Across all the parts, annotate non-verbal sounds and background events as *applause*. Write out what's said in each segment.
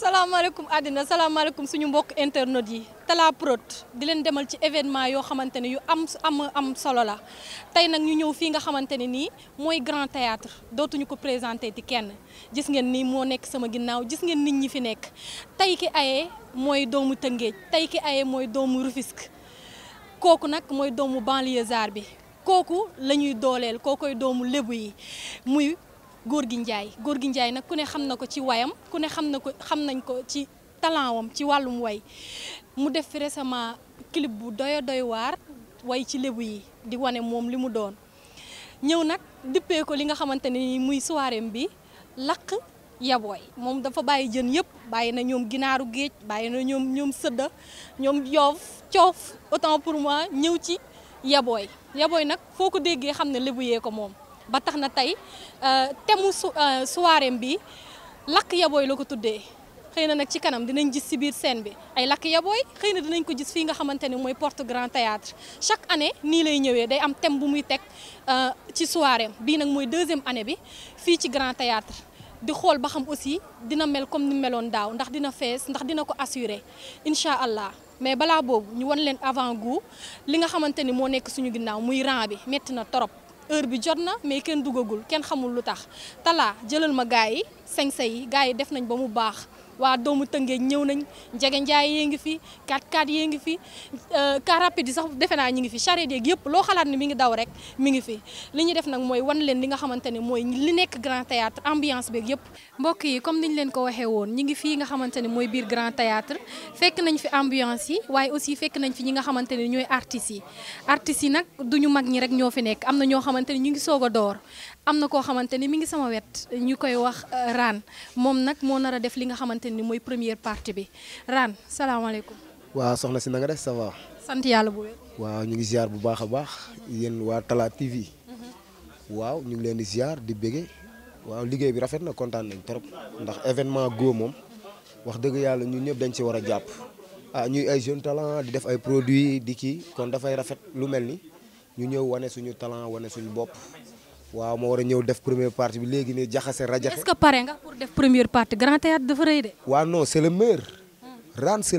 salaamaaleykum àddina salaamaaleykum suñu mbokk internet yi Tala Prod di leen demal ci événement yoo xamante ne yu am am am solo la tey nag ñu ñëw fii nga xamante ne nii mooy grand théâtre dootuñu ko présenté ci kenn gis ngeen nii moo nekk sama ginnaaw gis ngeen nit ñi fi nekk tey ki aye mooy doomu Tëngéej tey ki aye mooy doomu Rufisque kooku nag mooy doomu banlieusard bi kooku la ñuy dooleel kookoy doomu lébu yi muy góor gi njaay góor gi njaay nag ku ne xam na ko ci wayam ku ne xam na ko xam nañ ko ci talent wam ci wàllum way mu def fi récemment clip bu doy doy waar way ci lébu yi di wane moom li mu doon ñëw nag dippee ko li nga xamante ne ni muy soiréem bi lakk yabooy moom dafa bàyyi jën yëpp bàyyi na ñoom ginaaru géej bàyyi na ñoom ñoom sëdda ñoom yoof coof autant pour moi ñëw ci yabooy yabooy nag foo ko déggee xam ne lébu yee ko moom ba tax na tey euh, temu su euh, soirée bi lakk yabooy la ko tuddee xëy na nag ci kanam dinañ gis si biir scène bi ay lakk yabooy xëy na dinañ ko gis fii nga xamante ne mooy porte grand chaque année nii lay ñëwee day am thème bu muy teg euh, ci soirée bii nag mooy deuxième année bi fii ci grand théâtre di xool ba xam aussi dina mel comme ni meloon daaw ndax dina fees ndax dina ko assurer incha allah mais balaa boobu ñu won leen avant goût li nga xamante ni moo nekk suñu ginnaaw muy rang bi métti na torop heure bi jot na mais kenn dugagul kenn xamul lu tax Talla jëlal ma gars yi sañ-sañ yi gars yi def nañ ba mu baax. waa doomu Tëngéej ñëw nañ njege njaay yee ngi fi 4x4 yee ngi fi euh, car rapide yi sax defe naa ñi ngi fi charrette yeeg loo xalaat ni mi ngi daw rek mi ngi fi li ñu def nag mooy wan leen li nga xamante ne mooy li nekk Grand Théâtre ambiance beeg yëpp mbokk yi comme ni ñu leen ko waxee woon ñi ngi fii nga xamante ne mooy biir Grand Théâtre fekk nañ fi ambiance yi waaye aussi fekk nañ fi ñi nga xamante ne ñooy artistes yi artistes yi nag du ñu mag ñi rek ñoo fi nekk am na ñoo xamante ne ñu ngi soog a door am na koo xamante ni mi ngi sama wet ñu koy wax euh, Raan moom nag moo nar a def li nga xamante ni mooy première partie bi Raan salaamaaleykum. waa soxna si na nga def ça sant yàlla bu wér. waaw ñu ngi ziar bu baax a baax yéen waa Tala TV. Mm-hmm. waaw ñu ngi leen di ziar di bége waaw liggéey bi rafet na kontaan nañ trop ndax événement go moom wax dëgg yàlla ñun ñëpp dañ ci war a jàpp ah ñuy ay jeune talent di def ay produits di kii kon dafay rafet lu mel ni ñu ñëw wane suñu talent wane suñu bopp. waaw moo war a ñëw def première partie bi léegi nii jaxase rajaxe. est-ce que pare nga pour def première partie grand théâtre dafa rëy de. waaw no c'est le maire. Hmm. ren c'est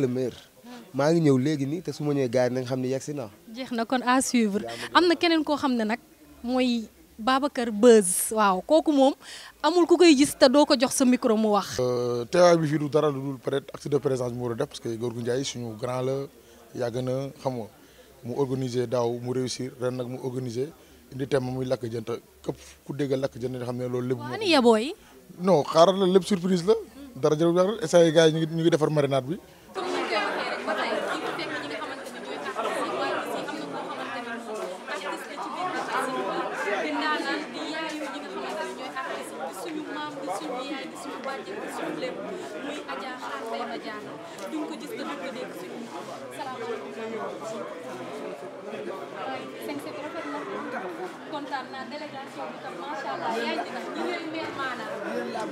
maa ngi ñëw léegi nii te su ma ñëwee gars yi xam ne yegg si naa. jeex na kon à suivre am na keneen koo xam ne nag mooy Babacar Beuz waaw kooku moom amul ku koy gis te doo ko jox sa micro mu wax. Euh, teewaay bi fii dara lu dul peut-être acte de présence bi mu war que Gorgui Ndiaye suñu grand la yàgg na xam mu organiser daaw mu réussir ren nag mu organiser. indi thème muy lakk jën te képp ku dégg lakk jën nga xam ne loolu lépp. waaw ani yaboo yi. non xaaral la lépp surprise la. dara jël dara essayé gars yi ñu ngi ñu ngi defar marinade bi.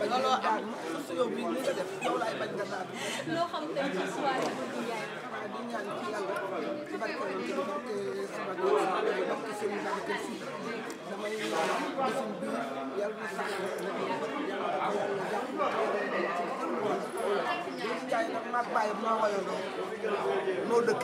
looloo am su yow bii nii nga def yow laay bañ nga naan. loo xam tey ci soirée bi yaay. waaw di ñaan ci yàlla ci barke ci barke sama doom barke seen barke si damay ñaan bisim bii yàlla na sax yàlla na ko yàlla jàpp yàlla na ci. Ndiaye nag maa bàyyi maa wayandoo noo dëkk.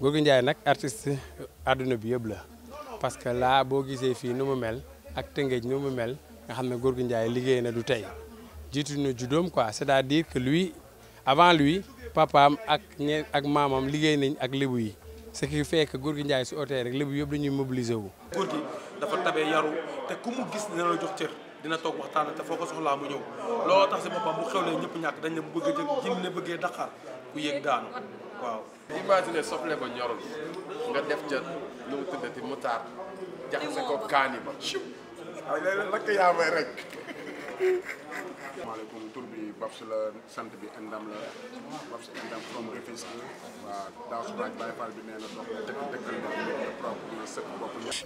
Gorgui Ndiaye nag artiste àdduna bi yëpp la parce que là boo gisee fii nu mu mel ak Tëngéej nu mu mel nga xam ne góor gi njaay liggéey na du tey jiitu na juddoom quoi c'est-à-dire que lui avant lui papaam ak ñe ak maamam liggéey nañ ak lébu yi ce qui fait que Gorgui Ndiaye su ootee rek lébu yëpp dañuy mobiliser wu. Gorgui dafa tabee yaru te ku mu gis dina la jox cër dina toog waxtaan te foo ko soxlaa mu ñëw looloo tax si boppam bu xewlee ñëpp ñàkk dañ ne bu bëggee ku yëg daanu waaw. imagine soble ba ñorul nga def ca lu mu tuddati mutaar ko kaani ba. waaw léeg-léeg lakk yaa may maaleykum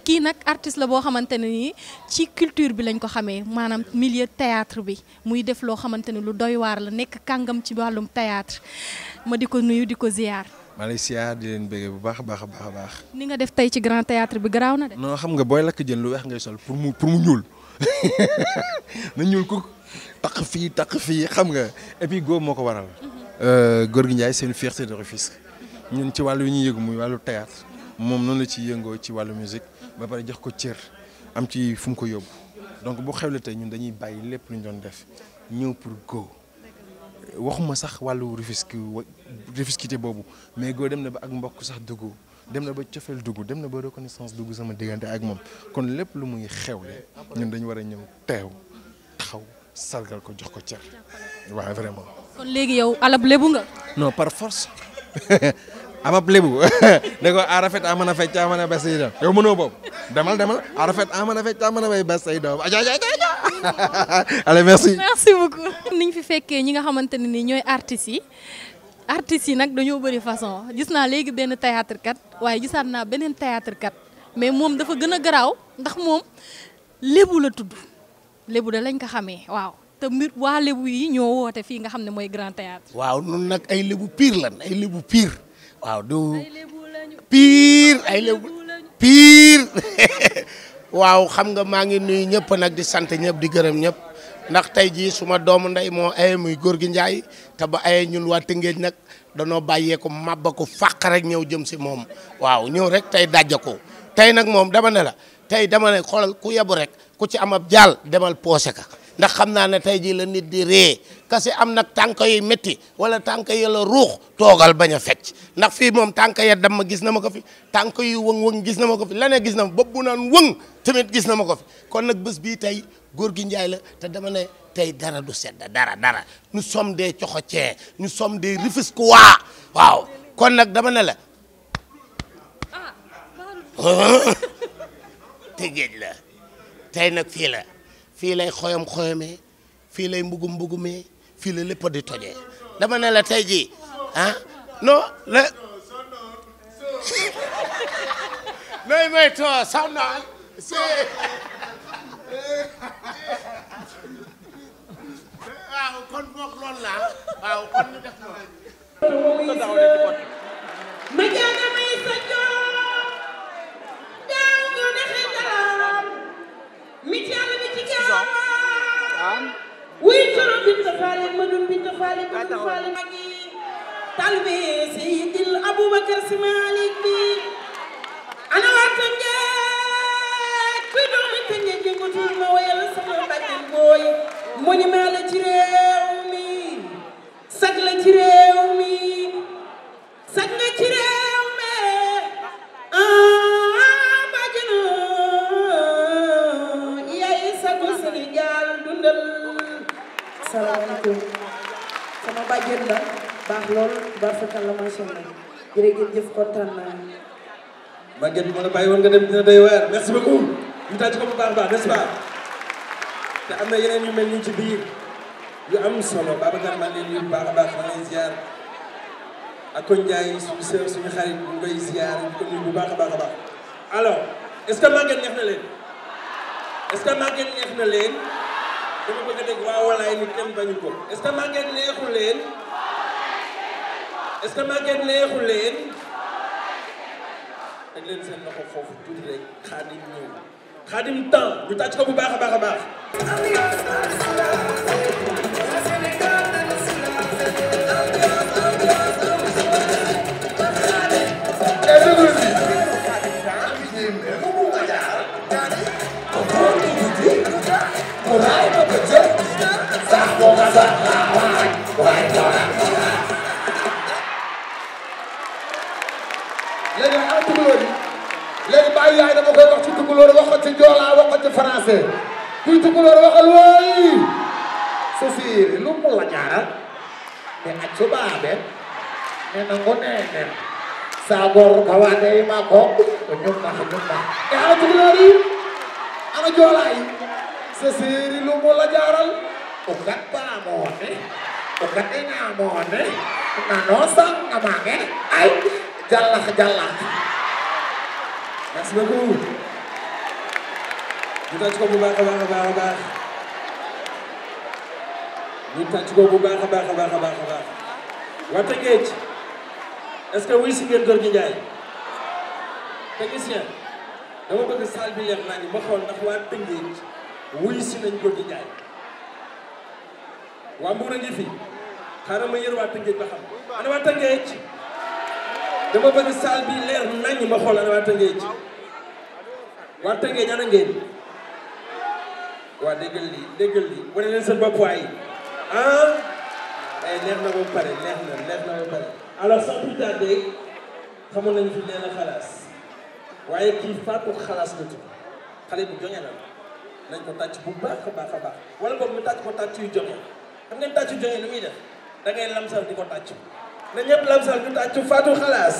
kii nag artiste la boo xamante ne nii ci culture bi lañ ko xamee maanaam milieu théâtre bi muy def loo xamante ne lu doy waar la nekk kàngam ci wàllum théâtre ma di ko nuyu di ko ziyaar maa lay siyaar di leen bëggee bu baax baax baax baax. ni nga def tey ci grand théâtre bi garaaw na de. noo xam nga booy lakk jën lu weex ngay sol pour mu mu ñuul *laughs* na ñuul kuk. taq fii taq fii xam nga et puis góor moo ko waral. Mhm. Euh, góor gi Ndiaye c'est une fierté de Rufisque ñun ci wàllu yu ñu yëngu muy wàllu théâtre moom noonu la ciy yëngoo ci wàllu musique ba pare jox ko cër am ci fu ko yóbbu donc bu xewle tey ñun dañuy bàyyi lépp lu ñu doon def ñëw pour go waxuma sax wàllu Rufisque Rufisquité boobu mais go dem na ba ak mbokk sax dugg dem na ba cofeel dugg dem na ba reconnaissance dugg sama diggante ak moom kon lépp lu muy xewle ñun dañu war a ñëw teew taxaw. sargal ko jox ko cër waaw vraiment. kon léegi yow alab lebu nga. non par force amab lebu de ko a ah, rafet a ah, mën a fecc a ah, mën a bes ay doom yow mënoo boobu demal demal a rafet a mën a fecc a mën a bay bes ay doom *laughs* aja aja aja *laughs* allez merci. merci *laughs* niñ fi fekkee ñi nga xamante ne ni ñooy artistes yi. artistes yi nag dañoo bëri façon gis naa léegi benn théâtre kat waaye gisaat naa beneen théâtre kat mais moom dafa gën a garaaw ndax moom lébu la tudd lébu da lañ ko xamee waaw te mbir waa lébu yi ñoo woote fii nga xam ne mooy grand théâtre waaw nun nag ay lébu piir lan ay lébu piir waaw du pire ay lébu pire *laughs* waaw xam nga maa ngi nuyu ñëpp nag di sant ñëpp di gërëm ñëpp ndax tey jii suma doomu ndey moo aye muy góor gi njaay te ba aye ñun waa Tëngéej nag danoo bàyyee ko màbba ko fàq rek ñëw jëm si moom waaw ñëw rek tey dajja ko tey nag moom dama ne la tey dama ne xoolal ku yebu rek ku ci am ab jaal demal poose ka ndax xam naa ne tey jii la nit di ree kase am nag tànk yu métti wala tànk ya la ruux toogal bañ a fecc ndax fii moom tànk ya dam ma gis na ma ko fi tànk yu wëng-wëng gis na ma ko fi lane gis na bopp bu naan wëng tamit gis na ma ko fi kon nag bés bii tey góor gi njaay la te dama ne tey dara du sedda dara dara ñu som nous sommes des coxocee nous sommes des Rufisquois waaw kon nag dama ne la ah, *laughs* tëgéej la tey nag fii la fii lay xoyom xoyomee fii lay mbugum mbugumee fii la lépp di tojee dama ne la tey jii ah non may too sonnal faale madun binta faale madun faale magi talbe seydil aboubacar si malik bi ana warta njeeg kuy doomi te njeeg yëngutul ma wayal sama mbàjjin booy monument la ci réew mi sag la ci réew bàjjen la baax loolu barfakal la macha allah jërëjëf jëf kontaan naa. bàjjen bi ma la bàyyi woon nga dem na day weer merci beaucoup ñu tàcc ko bu baax baax n'est-ce pas te am na yeneen yu mel ni ci biir yu am solo Babacar maa ngi leen nuyu baax a baax maa ngi ziar ak kon Ndiaye suñu sœur suñu xarit ñu koy ziar ñu ko nuyu bu baax a baax baax alors est-ce que Maguette neex na leen. dama bëgg a dégg waa walaay ni kenn bañu ko est-ce que leen est-ce que Maguette neexu leen teg leen seen loxo foofu tuuti rek xaadim ñëw xaadim temps ñu tàcc ko bu baax a baax a baax léegi nag am tukulóor yi léegi bàyyi yaay dama koy wax ci tukulóor wax ko ci joolaa wax ko ci français kuy tukulóor waxal wooyi so siiri lu mu la ñaaral te accu baabe ne nangu neene saagor kawaade yi maa ko ñum na ñum na e ana tukulóor yi ana joolaa yi so siiri lu mu la ñaaral o kat baamoone o kat e ñaamoone nanoo sang na maa nge ay jàllax jàllax merci beaucoup ñu tàcc ko bu baax baax a baax bu baax a baax a baax a que wuy si ngeen góor gi Njaay technicien dama bëgg salle bi leer naa ni ma xool ndax waa Tëngéej wuy si nañ gi Njaay waa Mbuur a ngi fi xaaral ma yër waa Tëngéej xam ana waa Tëngéej dama bëgg salle bi leer nañ ma xoolal waa Tëngéej waa Tëngéej ana ngeen waa déggal lii déggal lii wane leen seen bopp waay ah ay eh, leer na ba pare leer na leer na ba pare alors sans plus tarder xamoon fi nee na xalaas waaye kii Fatou xalaas la tudd xale bu joŋe na nañ ko tàcc bu baax baax a baax wala boobu mu tàcc ko tàcc yu joŋe xam ngeen tàcc yu joŋe lu muy def da lam sax di ko tàcc na ñëpp lamsal ñu tàccu Fatou Xalaas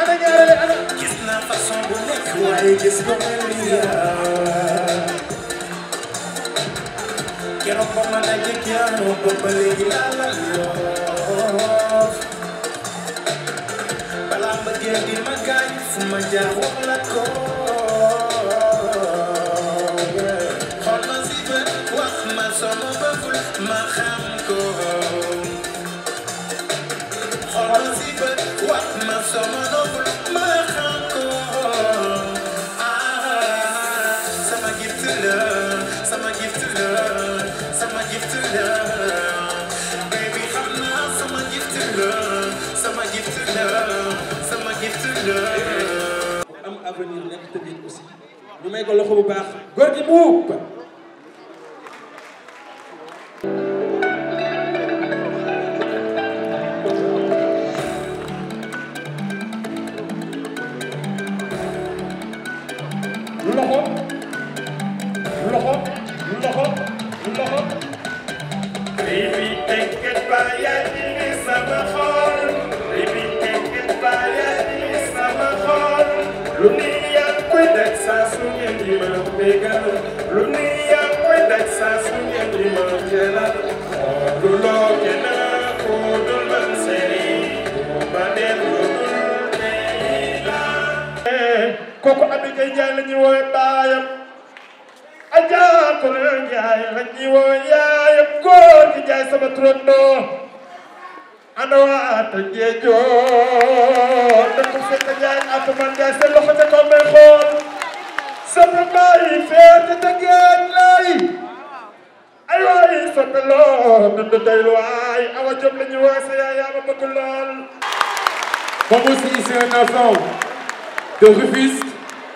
ana ñaarale ana. gis naa façon bu nekk waaye gis ko mel ni yaa. keroog ba ma la ma gaañ fu ma jaar wax la ko. may ko loxo bu baax góor gi muub Njaay la ñuy woowe baayam Adja Kole Njaay la ñuy woowe yaayam góor gi Njaay sama je ana waa ta jeejoo dëkk fekk Njaay atuman Njaay seen loxo ca kaw may xool sama baay feete te lay ay waay soppe lool dund daylu waay awa jom la ñuy sa yaay ma bëgg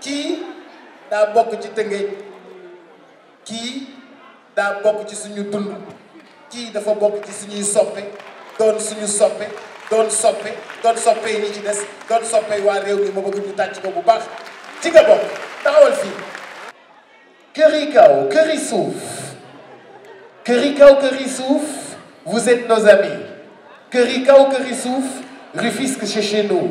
Ki da bokk ci Tëngéej ki da bokk ci suñu dund ki dafa bokk ci suñuy soppe doon suñu soppe doon soppe doon soppe yi ñi ci des doon soppe waa réew mi ma bëgg ñu tàcc ko bu baax ci nga bokk taxawal fii këri kaw këri suuf këri kaw këri suuf vous êtes nos amis këri kaw këri suuf Rufisque c'est chez nous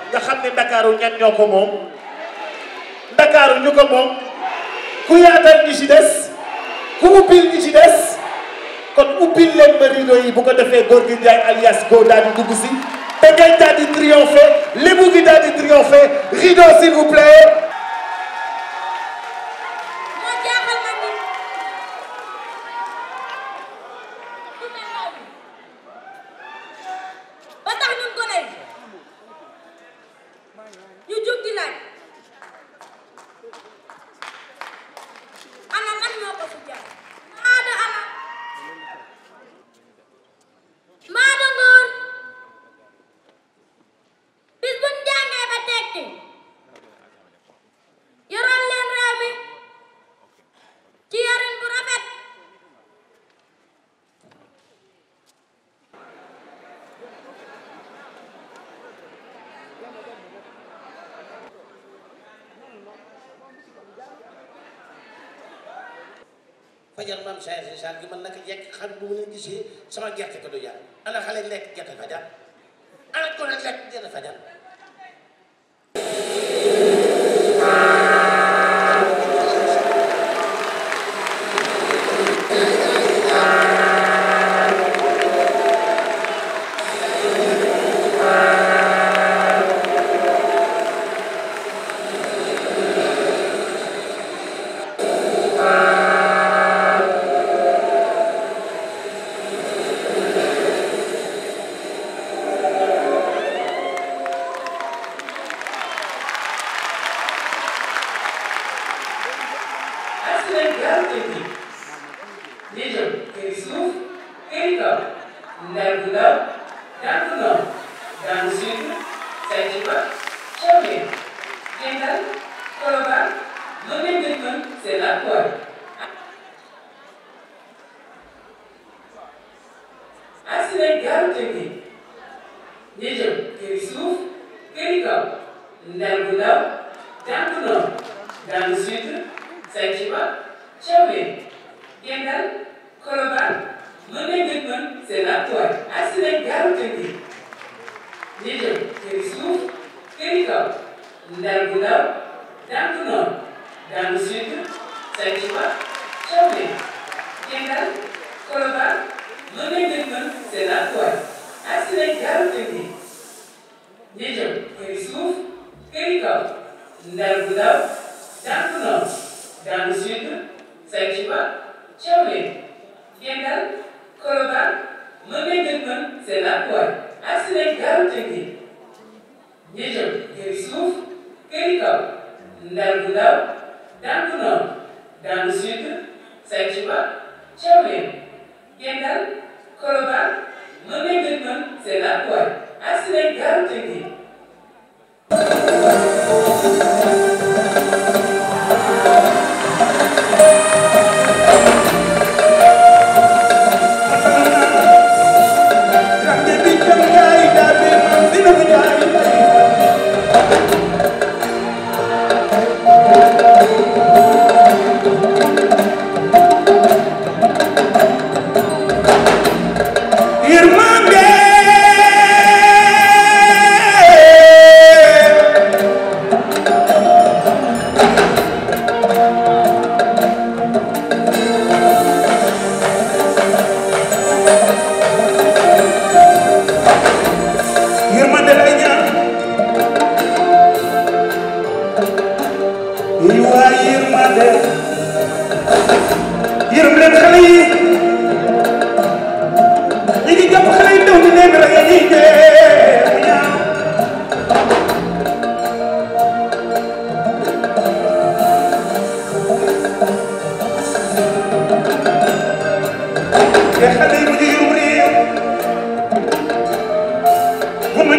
nga xam ni ndakaaru ñan ñoo ko moom ndakaaru ñu ko moom ku yaatal ñi ci ku ubbil ñi ci kon ubbil leen ba rido yi bu ko defee góor gi ko alias Go daal di si te daal di triompher lébu daal di triompher rido s'il vous plaît fajar maam saa saa gi man naka jekk xam bu ma leen gisee sama gerte ko du yàlla ana xale lekk gerte fajar Ndar gu Ndaw Dànku Nord Dànku Sud Saint-Louis Thiawlé Guendal Colobane mën nañ leen mën seen akwaay ak si lañ gaaru technique njëjëm këri suuf këri kaw Ndar gu Ndaw Dànku Nord Dànku Sud Saint-Louis Thiawlé Guendal Colobane mën nañ leen mën seen akwaay ak si lañ gaaru technique ñu jëm kër suuf këri kaw ndar gu ndaw daan gu noonu daan sud Saint-Touba Thiawlène Kendal Colobane mën nañ gën mën seen ak Sénégal tënkee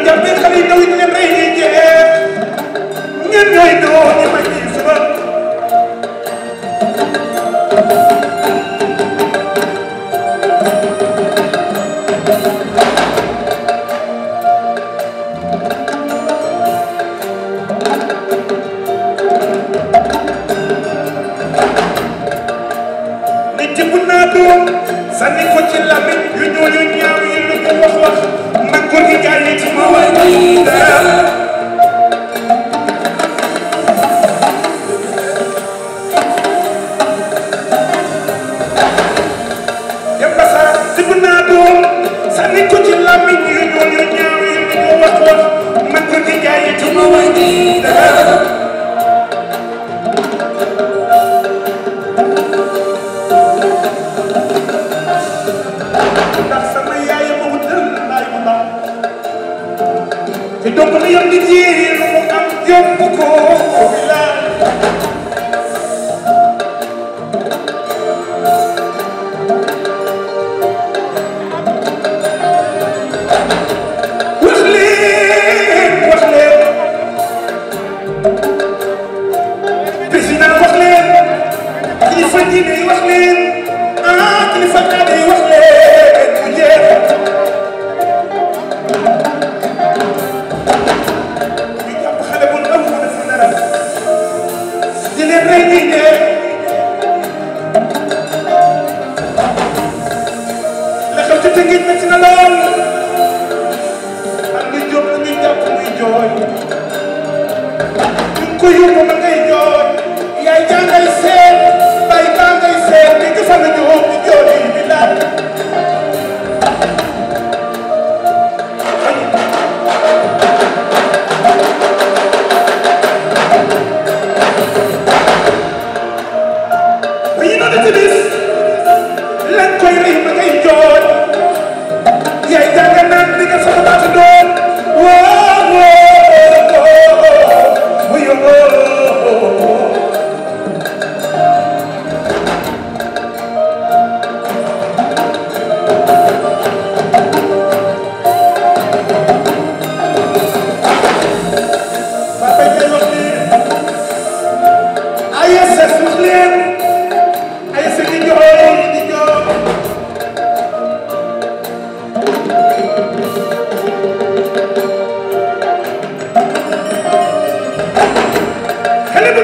internet ndax sama yaay ma wut dërëm baay bu baax te donc li yam nit yi lu mu am yóbbu ko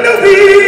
to